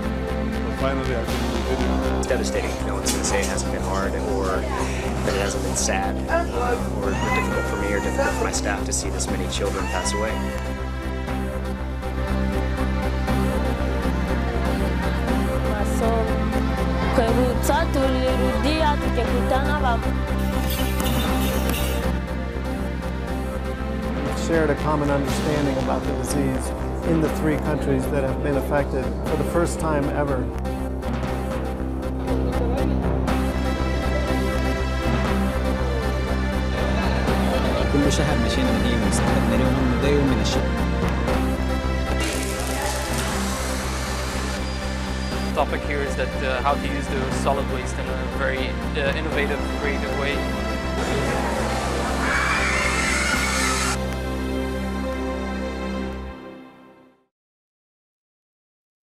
But finally, I can It's devastating. No one's going to say it hasn't been hard or that it hasn't been sad or, or difficult for me or difficult for my staff to see this many children pass away. Shared a common understanding about the disease in the three countries that have been affected for the first time ever. The topic here is that uh, how to use the solid waste in a very uh, innovative, creative way.